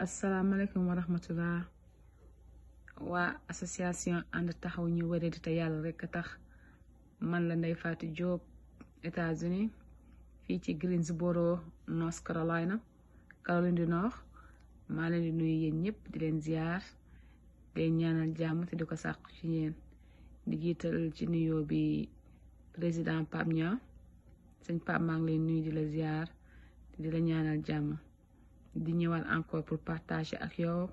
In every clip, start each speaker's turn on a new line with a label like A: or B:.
A: asalaamaaleykum wa rahmatullah waa association ànd taxaw ñu di te yàlla rek a tax man la Ndeye faati Diop États-Unis fii ci Greensboro North Carolina Caroline du Nord maa leen di nuyu yéen ñëpp di leen ziar di ñaanal jàmm te di ko sàkku ci yéen di jiital ci nuyoo bi président Pape Niang sëñ Pape maa ngi leen nuyu di la ziar te di la ñaanal jàmm. di ñëwaat encore pour partager ak yow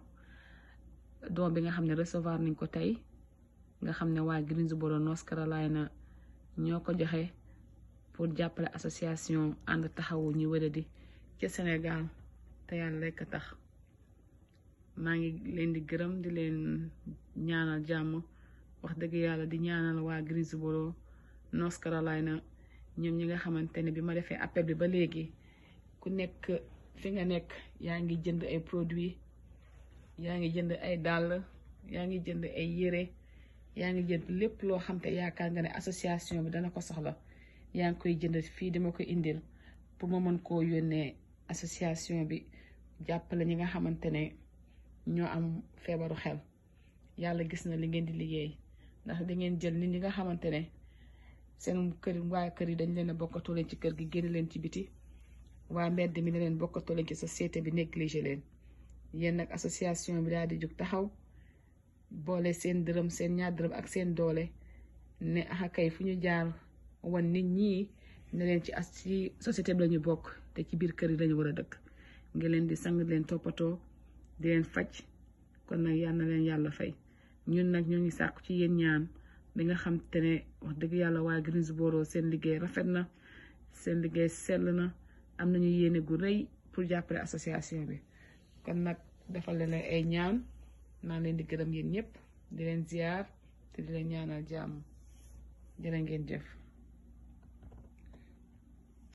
A: doom bi nga xam ne recevoir nañ ko tey nga xam ne waa Greensboro North na ñoo ko joxe pour jàppale association ànd taxawu ñi wéradi ca Sénégal te yàlla rekk a tax maa ngi leen di gërëm di leen ñaanal jàmm wax dëgg yàlla di ñaanal waa Greensboro North Carolina ñoom ñi nga xamante ne bi ma defee appel bi ba léegi ku nekk fi nga nekk yaa ngi jënd ay produits yaa ngi jënd ay dàll yaa ngi jënd ay yére yaa ngi jënd lépp loo xam te yaakaar nga ne association bi dana ko soxla yaa ngi koy jënd fii dama ko indil pour ma mën koo yónnee association bi jàppale ñi nga xamante ne ñoo am feebaru xel yàlla gis na li ngeen liggéey ndax da ngeen jël nit ñi nga xamante ne seen kër waa kër yi dañ leen a bokkatoo leen ci kër gi génn leen ci biti waa mbedd mi ne leen bokkatoo leen ci société bi négligé leen yéen nag association bi daal di jug taxaw boole seen dërëm seen ñaar dërëm ak seen doole ne axa fu ñu jaar wan nit ñi ne leen ci as ci société bi la bokk te ci biir kër yi lañu war a dëkk nga leen di sang leen toppatoo di leen faj kon nag yal na leen yàlla fay ñu nag ñoo ngi sàkku ci yéen ñaan bi nga xam te ne wax dëgg yàlla waa Greensboro seen liggéey rafet na seen liggéey sell na am nañu yéene gu rëy pour jàppale association bi kon nag defal leen ay ñaan naa leen di gërëm yéen ñëpp di leen ziar te di leen ñaanal jàmm jërë ngeen jëf.